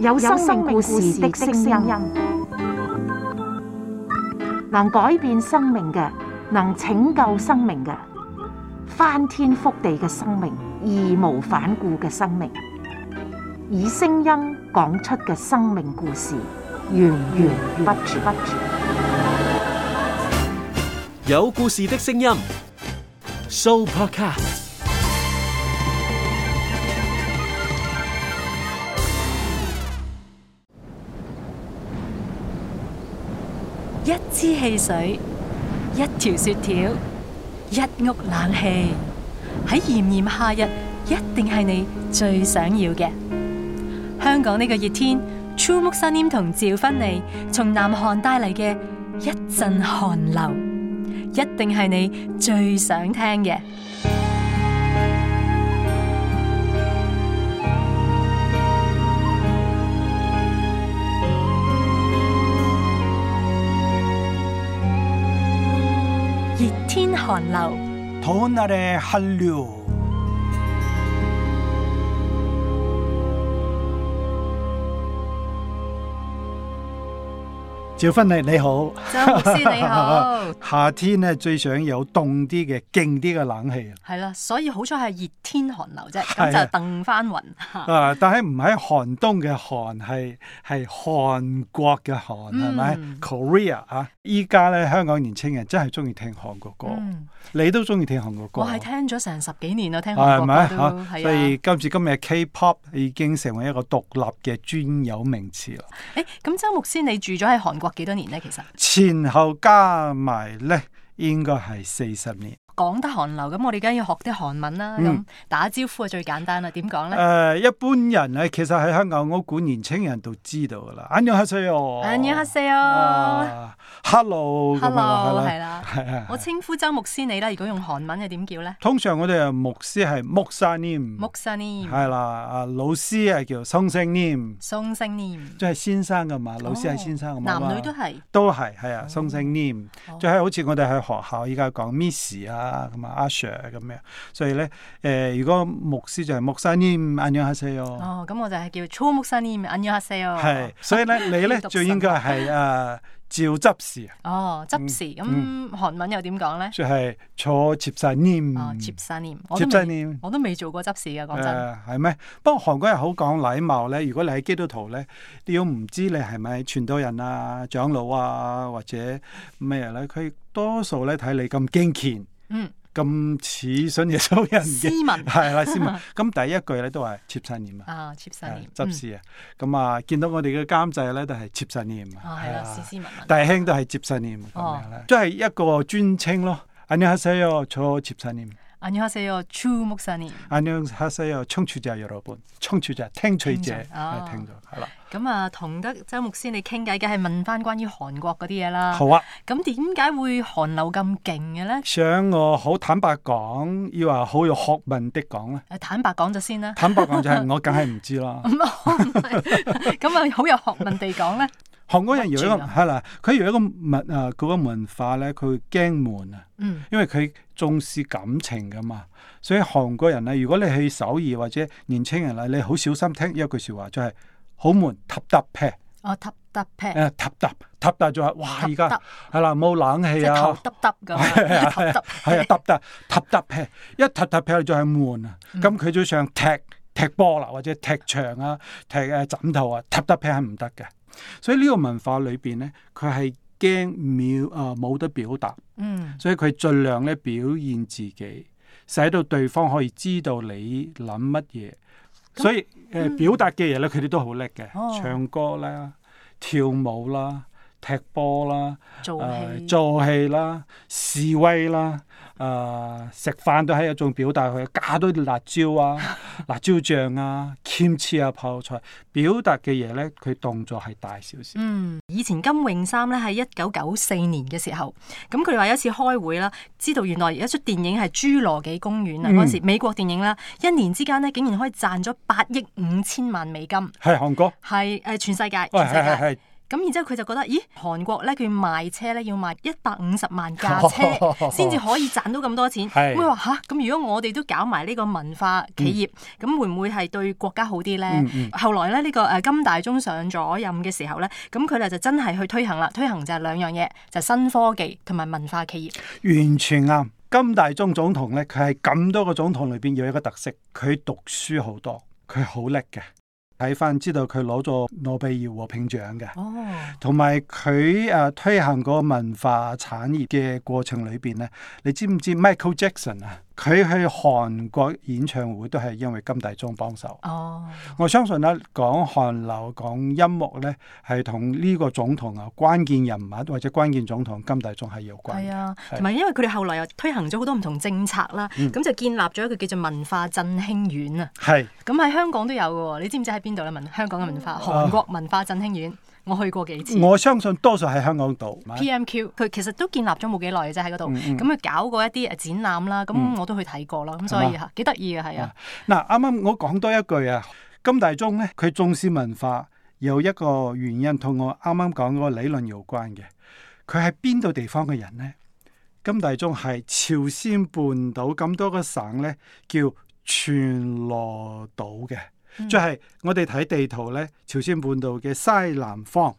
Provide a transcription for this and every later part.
有生命故事的聲音，能改變生命嘅，能拯救生命嘅，翻天覆地嘅生命，義無反顧嘅生命，以聲音講出嘅生命故事，源源不絕。有故事的聲音，Soupercast。一支汽水，一條雪條，一屋冷氣，喺炎炎夏日，一定係你最想要嘅。香港呢個熱天，True Mountain 同趙芬妮從南韓帶嚟嘅一陣寒流，一定係你最想聽嘅。熱天寒流。趙芬妮你好周，周牧師你好。 夏天咧最想有凍啲嘅、勁啲嘅冷氣啊。係啦，所以好彩係熱天寒流啫，咁是、啊、就掟翻雲。啊！但係唔喺寒冬嘅寒係係韓國嘅韓係咪、嗯、？Korea 啊！依家咧香港年青人真係中意聽韓國歌，嗯、你都中意聽韓國歌。我係聽咗成十幾年啦，聽韓國歌係係、啊啊、所以今次今日 K-pop 已經成為一個獨立嘅專有名詞啦。誒、欸，咁周牧師你住咗喺韓國？嗯嗯嗯嗯幾多年咧？其實前後加埋咧，應該係四十年。講得韓流咁，我哋梗要學啲韓文啦。咁打招呼啊，最簡單啦。點講咧？誒，一般人咧，其實喺香港我估年青人都知道噶啦。안녕하세요，안녕하세요 ，Hello，Hello 係啦。我稱呼周牧師你啦。如果用韓文係點叫咧？通常我哋啊牧師係목사님，목사님係啦。啊老師係叫송생님，송생님即係先生噶嘛？老師係先生噶嘛？男女都係。都係係啊，송생님。即係好似我哋喺學校依家講 Miss 啊。啊，同埋阿 Sir 咁樣？所以咧，誒，如果牧師就係牧生念阿娘阿西哦。哦，咁我就係叫坐牧生念阿娘阿西哦。係，所以咧，你咧最應該係誒照執事。哦，執事咁韓文又點講咧？就係坐接晒，接晒念，接晒念，接晒念。我都未做過執事嘅，講真係咩？不過韓國人好講禮貌咧，如果你喺基督徒咧，你要唔知你係咪傳道人啊、長老啊或者咩咧，佢多數咧睇你咁敬虔。嗯，咁似信耶穌人嘅，係啦，斯文。咁第一句咧都係切身念啊，切身念執事啊，咁啊見到我哋嘅監製咧都係切身念啊，係啦，斯斯文文，大兄都係切身念咁樣啦，即係一個尊稱咯，阿尼哈西我坐切身念。歡迎收睇我 True 牧師呢。歡迎收睇我聽取者，各位朋友，聽取者聽取者，聽者，好啦。咁啊、哦嗯嗯嗯，同得周牧師你傾偈嘅係問翻關於韓國嗰啲嘢啦。好啊。咁點解會韓流咁勁嘅咧？想我好坦白講，要話好有學問的講咧。坦白講咗先啦。坦白講就係我梗係唔知啦。咁啊、 嗯嗯嗯嗯嗯嗯，好有學問地講咧。韓國人如果係啦，佢如果個文啊個文化咧，佢會驚悶啊，因為佢重視感情噶嘛，所以韓國人咧，如果你去首爾或者年青人咧，你好小心聽一句說話，就係好悶，嗒嗒劈。哦，嗒嗒劈。誒，嗒嗒嗒嗒就係，哇！而家係啦，冇冷氣啊，嗒嗒噶，係啊，係嗒嗒嗒嗒劈，一嗒嗒劈就係悶啊。咁佢就上踢踢波啦，或者踢牆啊，踢誒枕頭啊，嗒嗒劈係唔得嘅。所以呢個文化裏邊咧，佢係驚表啊冇得表達，嗯，所以佢盡量咧表現自己，使到對方可以知道你諗乜嘢。所以誒、嗯呃、表達嘅嘢咧，佢哋都好叻嘅，哦、唱歌啦、跳舞啦。踢波啦，做氣、呃、戲啦，示威啦，啊，食飯都係一種表達，佢加多啲辣椒啊， 辣椒醬啊，尖刺啊，泡菜、啊，表達嘅嘢咧，佢動作係大少少。嗯，以前金泳三咧喺一九九四年嘅時候，咁佢話有一次開會啦，知道原來有一出電影係《侏羅紀公園》啊，嗰、嗯、時美國電影咧，一年之間咧竟然可以賺咗八億五千萬美金。係韓、嗯、國？係誒，全世界，全世界。咁然之後佢就覺得，咦？韓國咧佢賣車咧要賣一百五十萬架車先至可以賺到咁多錢。咁佢話嚇，咁如果我哋都搞埋呢個文化企業，咁、嗯、會唔會係對國家好啲咧？嗯嗯、後來咧呢、這個誒、呃、金大中上咗任嘅時候咧，咁佢咧就真係去推行啦。推行就係兩樣嘢，就係、新科技同埋文化企業。完全啱、啊。金大中總統咧，佢係咁多個總統裏邊有一個特色，佢讀書好多，佢好叻嘅。睇翻知道佢攞咗諾貝爾和平獎嘅，哦，同埋佢，誒、推行嗰個文化產業嘅過程裏邊咧，你知唔知 Michael Jackson 啊？佢去韓國演唱會都係因為金大中幫手。哦，我相信啦，講韓流、講音樂咧，係同呢個總統啊、關鍵人物或者關鍵總統金大中係有關嘅。係啊，同埋是因為佢哋後來又推行咗好多唔同政策啦，咁、嗯、就建立咗一個叫做文化振興院啊。係是。咁喺香港都有嘅喎，你知唔知喺邊度咧？文香港嘅文化，嗯、韓國文化振興院。Oh. 我去過幾次，我相信多數喺香港島。PMQ 佢其實都建立咗冇幾耐嘅啫，喺嗰度咁佢搞過一啲誒展覽啦，咁、嗯嗯、我都去睇過咯，咁所以幾得意嘅係啊。嗱啱啱我講多一句啊，金大中咧佢重視文化有一個原因同我啱啱講嗰個理論有關嘅，佢係邊度地方嘅人咧？金大中係朝鮮半島咁多個省咧叫全羅島嘅。即係、嗯、我哋睇地圖咧，朝鮮半島嘅西南方，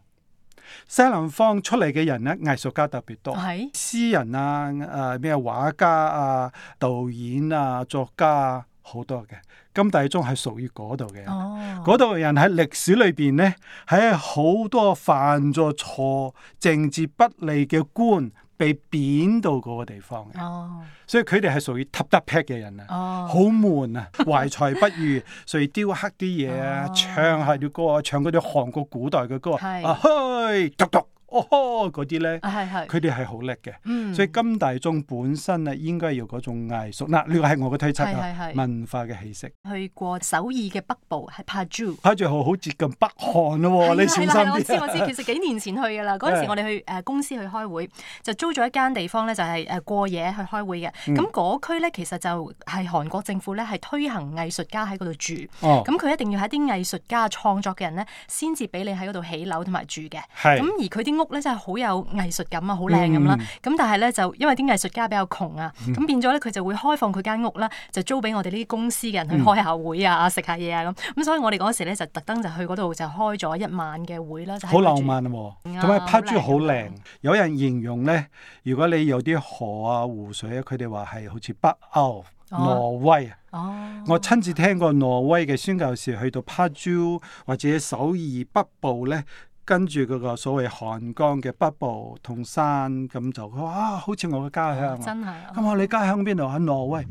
西南方出嚟嘅人咧，藝術家特別多，哦、是詩人啊，誒、啊、咩畫家啊、導演啊、作家好、啊、多嘅，金大中係屬於嗰度嘅人，嗰度嘅人喺歷史裏邊咧，喺好多犯咗錯、政治不利嘅官。被貶到嗰個地方嘅，oh. 所以佢哋係屬於 top top pat 嘅人啊，好悶、oh. 啊，懷才不遇，所以 雕刻啲嘢啊，oh. 唱下啲歌啊，唱嗰啲韓國古代嘅歌啊，是啊嘿獨獨。讀讀哦，嗰啲咧，佢哋係好叻嘅，所以金大中本身咧應該要嗰種藝術。嗱，呢個係我嘅推測，文化嘅氣息。去過首爾嘅北部係拍珠，拍珠好接近北韓咯喎，你小心啲。我知我知，其實幾年前去㗎啦。嗰陣時我哋去誒公司去開會，就租咗一間地方咧，就係誒過夜去開會嘅。咁嗰區咧其實就係韓國政府咧係推行藝術家喺嗰度住。哦。咁佢一定要喺啲藝術家創作嘅人咧，先至俾你喺嗰度起樓同埋住嘅。係。咁而佢啲屋咧真係好有藝術感啊，好靚咁啦。咁、嗯、但係咧就因為啲藝術家比較窮啊，咁、嗯、變咗咧佢就會開放佢間屋啦，就租俾我哋呢啲公司嘅人去開下會啊，食、嗯、下嘢啊咁。咁所以我哋嗰時咧就特登就去嗰度就開咗一晚嘅會啦。好浪漫啊！同埋 Paju 好靚，啊啊、有人形容咧，如果你有啲河啊湖水，佢哋話係好似北歐、啊、挪威啊。哦，我親自聽過挪威嘅宣教士去到 Paju 或者首爾北部咧。.跟住嗰個所謂韓江嘅北部同山咁，就話好似我嘅家鄉，真係啊！咁我，你家鄉邊度？喺挪威。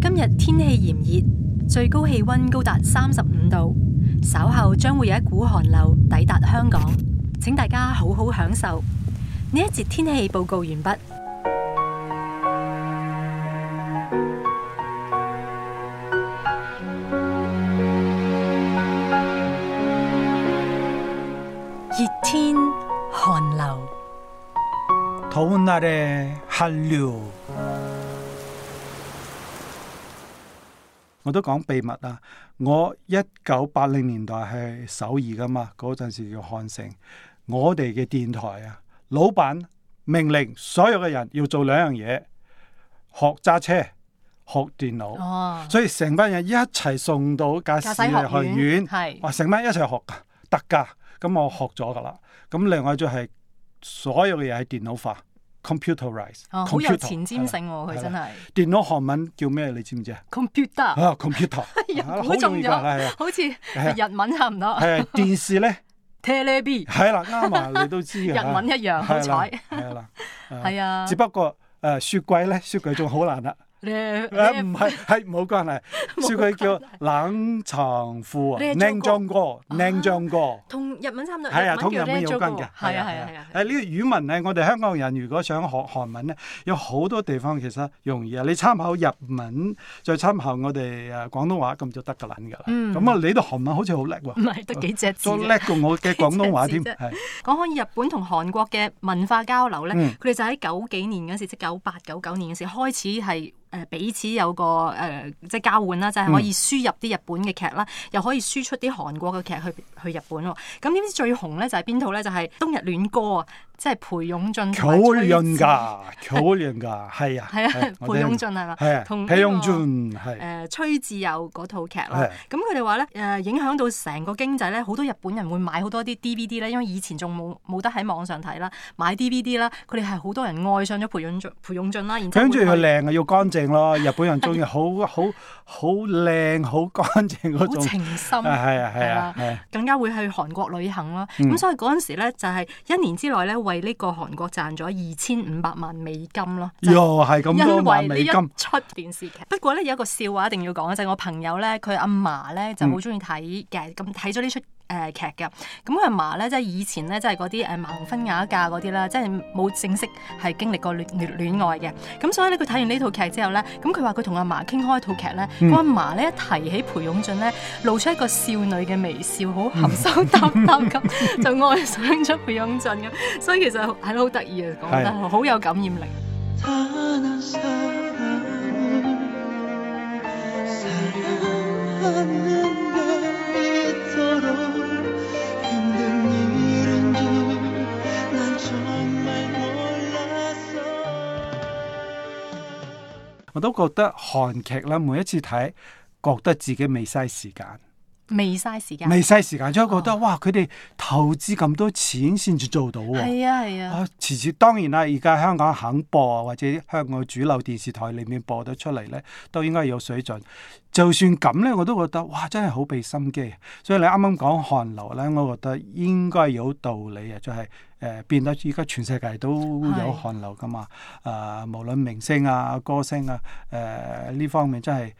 今日天氣炎熱，最高氣温高達三十五度，稍後將會有一股寒流抵達香港。請大家好好享受。呢一節天氣報告完畢。完畢。.討我都講秘密啊！我一九八零年代係首爾噶嘛，嗰陣時叫漢城。我哋嘅電台啊，老闆命令所有嘅人要做兩樣嘢：學揸車、學電腦。哦，所以成班人一齊送到駕駛學院，係成班一齊學特得噶。咁我學咗噶啦。咁另外就係、是。所有嘅嘢係電腦化，computerize，好有前瞻性喎，佢真係。電腦韓文叫咩？你知唔知啊？computer，啊 computer，好重要，好似日文差唔多。係啊，電視咧 television 係啦，啱啊，你都知嘅，日文一樣，好彩。係啦，係啊。只不過誒，書櫃咧，書櫃仲好難啦。咧，唔係，係冇關係，叫佢叫冷藏庫啊，僆將哥，僆將哥，同日文差唔多，係啊，同日文有關嘅，係啊係啊。誒呢個語文咧，我哋香港人如果想學韓文咧，有好多地方其實容易啊。你參考日文，再參考我哋誒廣東話咁就得㗎撚㗎啦。咁啊，你對韓文好似好叻喎？唔係都幾隻字都叻過我嘅廣東話添。講開日本同韓國嘅文化交流咧，佢哋就喺九幾年嗰時，即九八九九年嗰時開始係，誒、呃、彼此有個誒、呃、即係交換啦，就係可以輸入啲日本嘅劇啦，嗯、又可以輸出啲韓國嘅劇去去日本喎。咁點知最紅咧就係邊套咧？就係、是《冬、就是、日戀歌》啊，即係裴勇俊同崔好靚㗎，好靚㗎，係啊。係啊，裴勇俊係嘛？啊，同、 這個、裴勇俊係誒、呃、崔智友嗰套劇啦。咁佢哋話咧誒影響到成個經濟咧，好多日本人會買好多啲 DVD 咧，因為以前仲冇冇得喺網上睇啦，買 DVD 啦。佢哋係好多人愛上咗裴勇俊裴勇俊啦，然後，跟住要靚啊，要乾淨。日本人中意 好好好靚、好乾淨嗰種情深 啊，係啊係啊，啊啊更加會去韓國旅行咯。咁、嗯、所以嗰陣時咧，就係一年之內咧，為呢個韓國賺咗二千五百萬美金咯。又係咁因為呢一出電視劇。不過咧有一個笑話一定要講，就係、是、我朋友咧，佢阿嫲咧就好中意睇嘅，咁睇咗呢出，誒劇嘅，咁佢阿嫲咧，即係以前咧，即係嗰啲誒盲婚啞嫁嗰啲啦，即係冇正式係經歷過戀戀愛嘅，咁所以咧，佢睇完呢套劇之後咧，咁佢話佢同阿嫲傾開套劇咧，個阿嫲咧一提起裴勇俊咧，露出一個少女嘅微笑，好含羞答答咁，就愛上咗裴勇俊咁，所以其實係好得意呀，講得好有感染力。都覺得韓劇啦，每一次睇，覺得自己未嘥時間。未嘥時間，未嘥時間，所以我覺得、oh. 哇！佢哋投資咁多錢先至做到喎。係啊係啊。Yeah, yeah. 啊，遲遲當然啦，而家香港肯播或者香港主流電視台裏面播得出嚟咧，都應該有水準。就算咁咧，我都覺得哇，真係好畀心機。所以你啱啱講韓流咧，我覺得應該有道理啊，就係、是、誒、呃、變得而家全世界都有韓流㗎嘛。啊是、呃，無論明星啊、歌星啊，誒、呃、呢方面真係。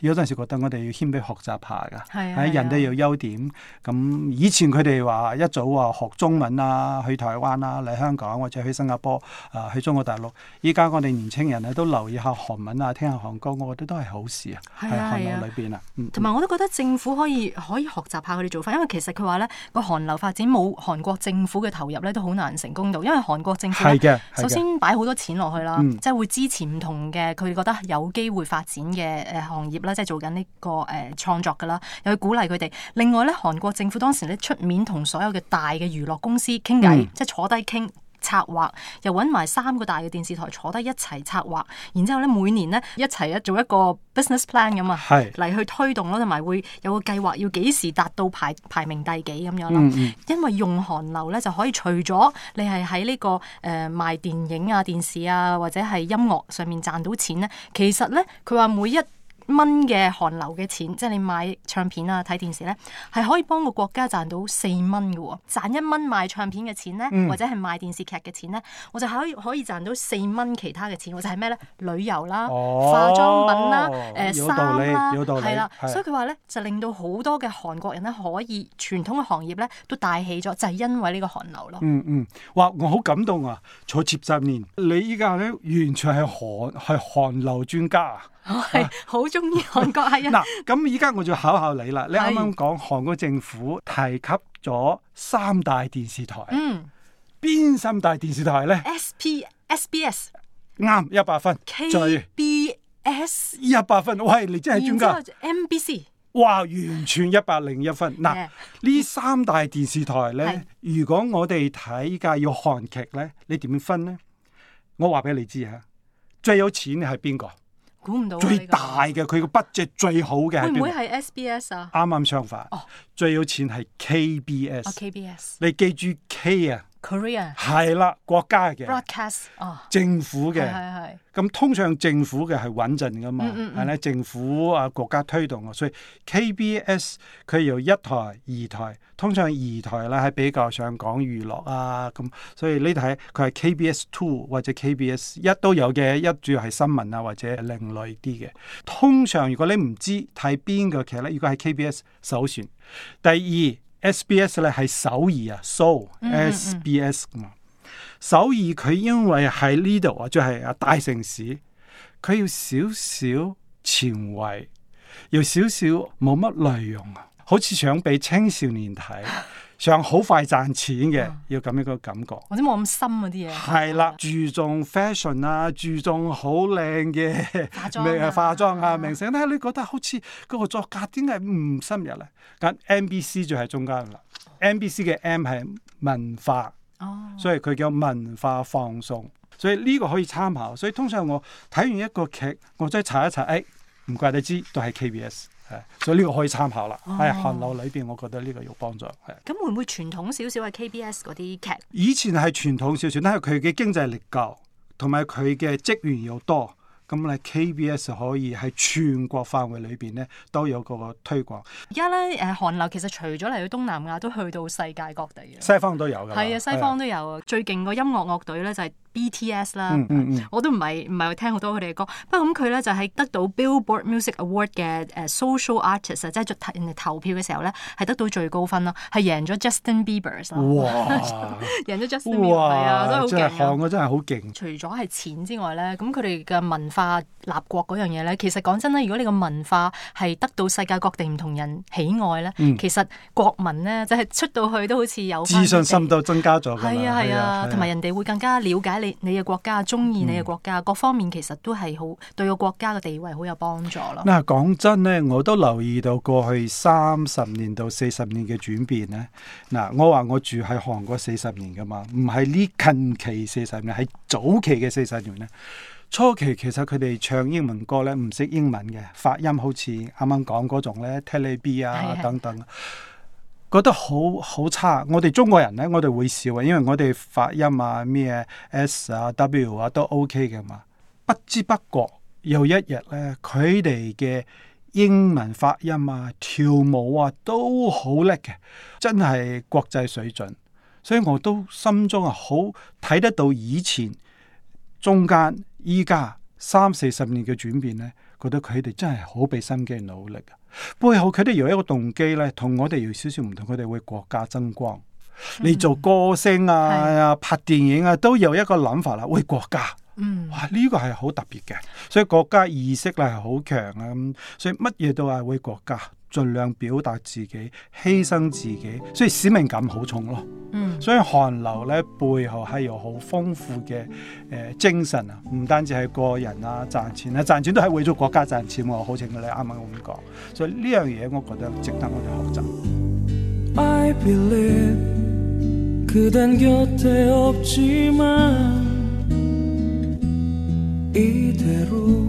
有陣時覺得我哋要謙卑學習下㗎，喺、啊、人哋有優點。咁、啊、以前佢哋話一早話學中文啊，去台灣啊，嚟香港或者去新加坡啊、呃，去中國大陸。依家我哋年青人咧都留意下韓文啊，聽下韓歌，我覺得都係好事啊。喺韓流裏邊啊，同埋、啊嗯、我都覺得政府可以可以學習下佢哋做法，因為其實佢話咧個韓流發展冇韓國政府嘅投入咧都好難成功到，因為韓國政府首先擺好多錢落去啦，嗯、即係會支持唔同嘅佢覺得有機會發展嘅誒、呃業啦，即係做緊、這、呢個誒創、呃、作噶啦，又去鼓勵佢哋。另外咧，韓國政府當時咧出面同所有嘅大嘅娛樂公司傾偈，嗯、即係坐低傾策劃，又搵埋三個大嘅電視台坐低一齊策劃。然之後咧，每年咧一齊咧做一個 business plan 咁啊，嚟是去推動咯，同埋會有個計劃要幾時達到排排名第幾咁樣咯。嗯、因為用韓流咧就可以除咗你係喺呢個誒、呃、賣電影啊、電視啊或者係音樂上面賺到錢咧，其實咧佢話每一蚊嘅韓流嘅錢，即係你買唱片啊、睇電視咧，係可以幫個國家賺到四蚊嘅喎。賺一蚊買唱片嘅錢咧，嗯、或者係賣電視劇嘅錢咧，我就可以可以賺到四蚊其他嘅錢，我就係咩咧？旅遊啦、啊、哦、化妝品啦、啊、誒衫啦，係啦。所以佢話咧，就令到好多嘅韓國人咧，可以傳統嘅行業咧都大起咗，就係、是、因為呢個韓流咯。嗯嗯，哇！我好感動啊！坐接十面，你依家咧完全係韓係韓流專家啊！我係好中意韓國藝人。嗱、啊，咁依家我就考考你啦。你啱啱講韓國政府提及咗三大電視台。嗯，邊三大電視台咧？S P S B S。啱，一百分。K B BS , S 一百分。喂，你真係專家。然之後 M B C。哇，完全一百零一分。嗱、 啊，呢三大電視台咧，嗯、如果我哋睇㗎要韓劇咧，你點分咧？我話俾你知啊，最有錢嘅係邊個？最大嘅佢個 budget 最好嘅會唔會係 SBS 啊？啱啱相反哦，oh。最有錢係 KBS、oh。KBS，你記住 K 啊。係啦 Korea，國家嘅 broadcast，、哦、政府嘅，咁通常政府嘅係穩陣噶嘛，係咧、嗯嗯嗯、政府啊國家推動啊，所以 KBS 佢有一台、二台，通常二台咧係比較上講娛樂啊咁，所以呢台佢係 KBS Two 或者 KBS 一都有嘅，一主要係新聞啊或者另類啲嘅。通常如果你唔知睇邊個劇咧，如果係 KBS 首選，第二。SBS 咧係首爾啊，So SBS 嘛，嗯嗯，首爾佢因為喺呢度啊，就係、是、啊大城市，佢要少少前衛，又少少冇乜內容啊，好似想俾青少年睇。 想好快賺錢嘅，嗯、要咁樣個感覺。或者冇咁深嗰啲嘢。係啦，了注重 fashion 啊，注重好靚嘅化妝啊，明星咧，啊、你覺得好似個作家點解唔深入咧？咁 MBC 就喺中間啦，MBC 嘅 M 係文化，哦、所以佢叫文化放送，所以呢個可以參考。所以通常我睇完一個劇，我真係查一查，唔、哎、唔怪得之都係 KBS。係，所以呢個可以參考啦。係韓、oh. 流裏邊，我覺得呢個有幫助。咁會唔會傳統少少係？KBS 嗰啲劇，以前係傳統少少，但係佢嘅經濟力夠，同埋佢嘅職員又多，咁咧 KBS 可以喺全國範圍裏邊咧都有個個推廣。而家咧，誒韓流其實除咗嚟到東南亞，都去到世界各地嘅。西方都有㗎，係啊，西方都有。的最勁個音樂樂隊咧就係、是。BTS 啦，嗯嗯、我都唔係唔係聽好多佢哋嘅歌。不過咁佢咧就係、是、得到 Billboard Music Award 嘅誒 Social Artist 即係人哋投票嘅時候咧，係得到最高分咯，係贏咗 Justin Bieber 啦。贏咗 Justin。哇！真係好勁。我真係好勁。除咗係錢之外咧，咁佢哋嘅文化立國嗰樣嘢咧，其實講真咧，如果你個文化係得到世界各地唔同人喜愛咧，嗯、其實國民咧就係、是、出到去都好似有自信心都增加咗。係啊係啊，同埋、啊啊啊、人哋會更加了解。你你嘅國家中意你嘅國家，國家嗯、各方面其實都係好，對個國家嘅地位好有幫助咯。嗱，講真咧，我都留意到過去三十年到四十年嘅轉變咧。嗱，我話我住喺韓國四十年㗎嘛，唔係呢近期四十年，係早期嘅四十年咧。初期其實佢哋唱英文歌咧，唔識英文嘅發音好剛剛，好似啱啱講嗰種咧，TVB 啊等等。係係係。覺得好好差，我哋中國人呢，我哋會笑啊，因為我哋發音啊、咩 S 啊、W 啊都 OK 嘅嘛。不知不覺有一日呢，佢哋嘅英文發音啊、跳舞啊都好叻嘅，真係國際水準。所以我都心中啊好睇得到以前、中間、依家三四十年嘅轉變呢，覺得佢哋真係好俾心機努力。背後佢哋有一個動機咧，同我哋有少少唔同。佢哋為國家爭光，嚟、嗯、做歌星啊，是啊、拍電影啊，都有一個諗法啦，為國家。嗯、哇、呢、這個係好特別嘅，所以國家意識咧係好強啊。所以乜嘢都係為國家盡量表達自己，犧牲自己，所以使命感好重咯。嗯，所以韓流咧，背後係有好豐富嘅誒、呃、精神啊，唔單止係個人啊賺錢啊，賺錢都係為咗國家賺錢喎、啊，好似你啱啱咁講。所以呢樣嘢我覺得值得我哋學習。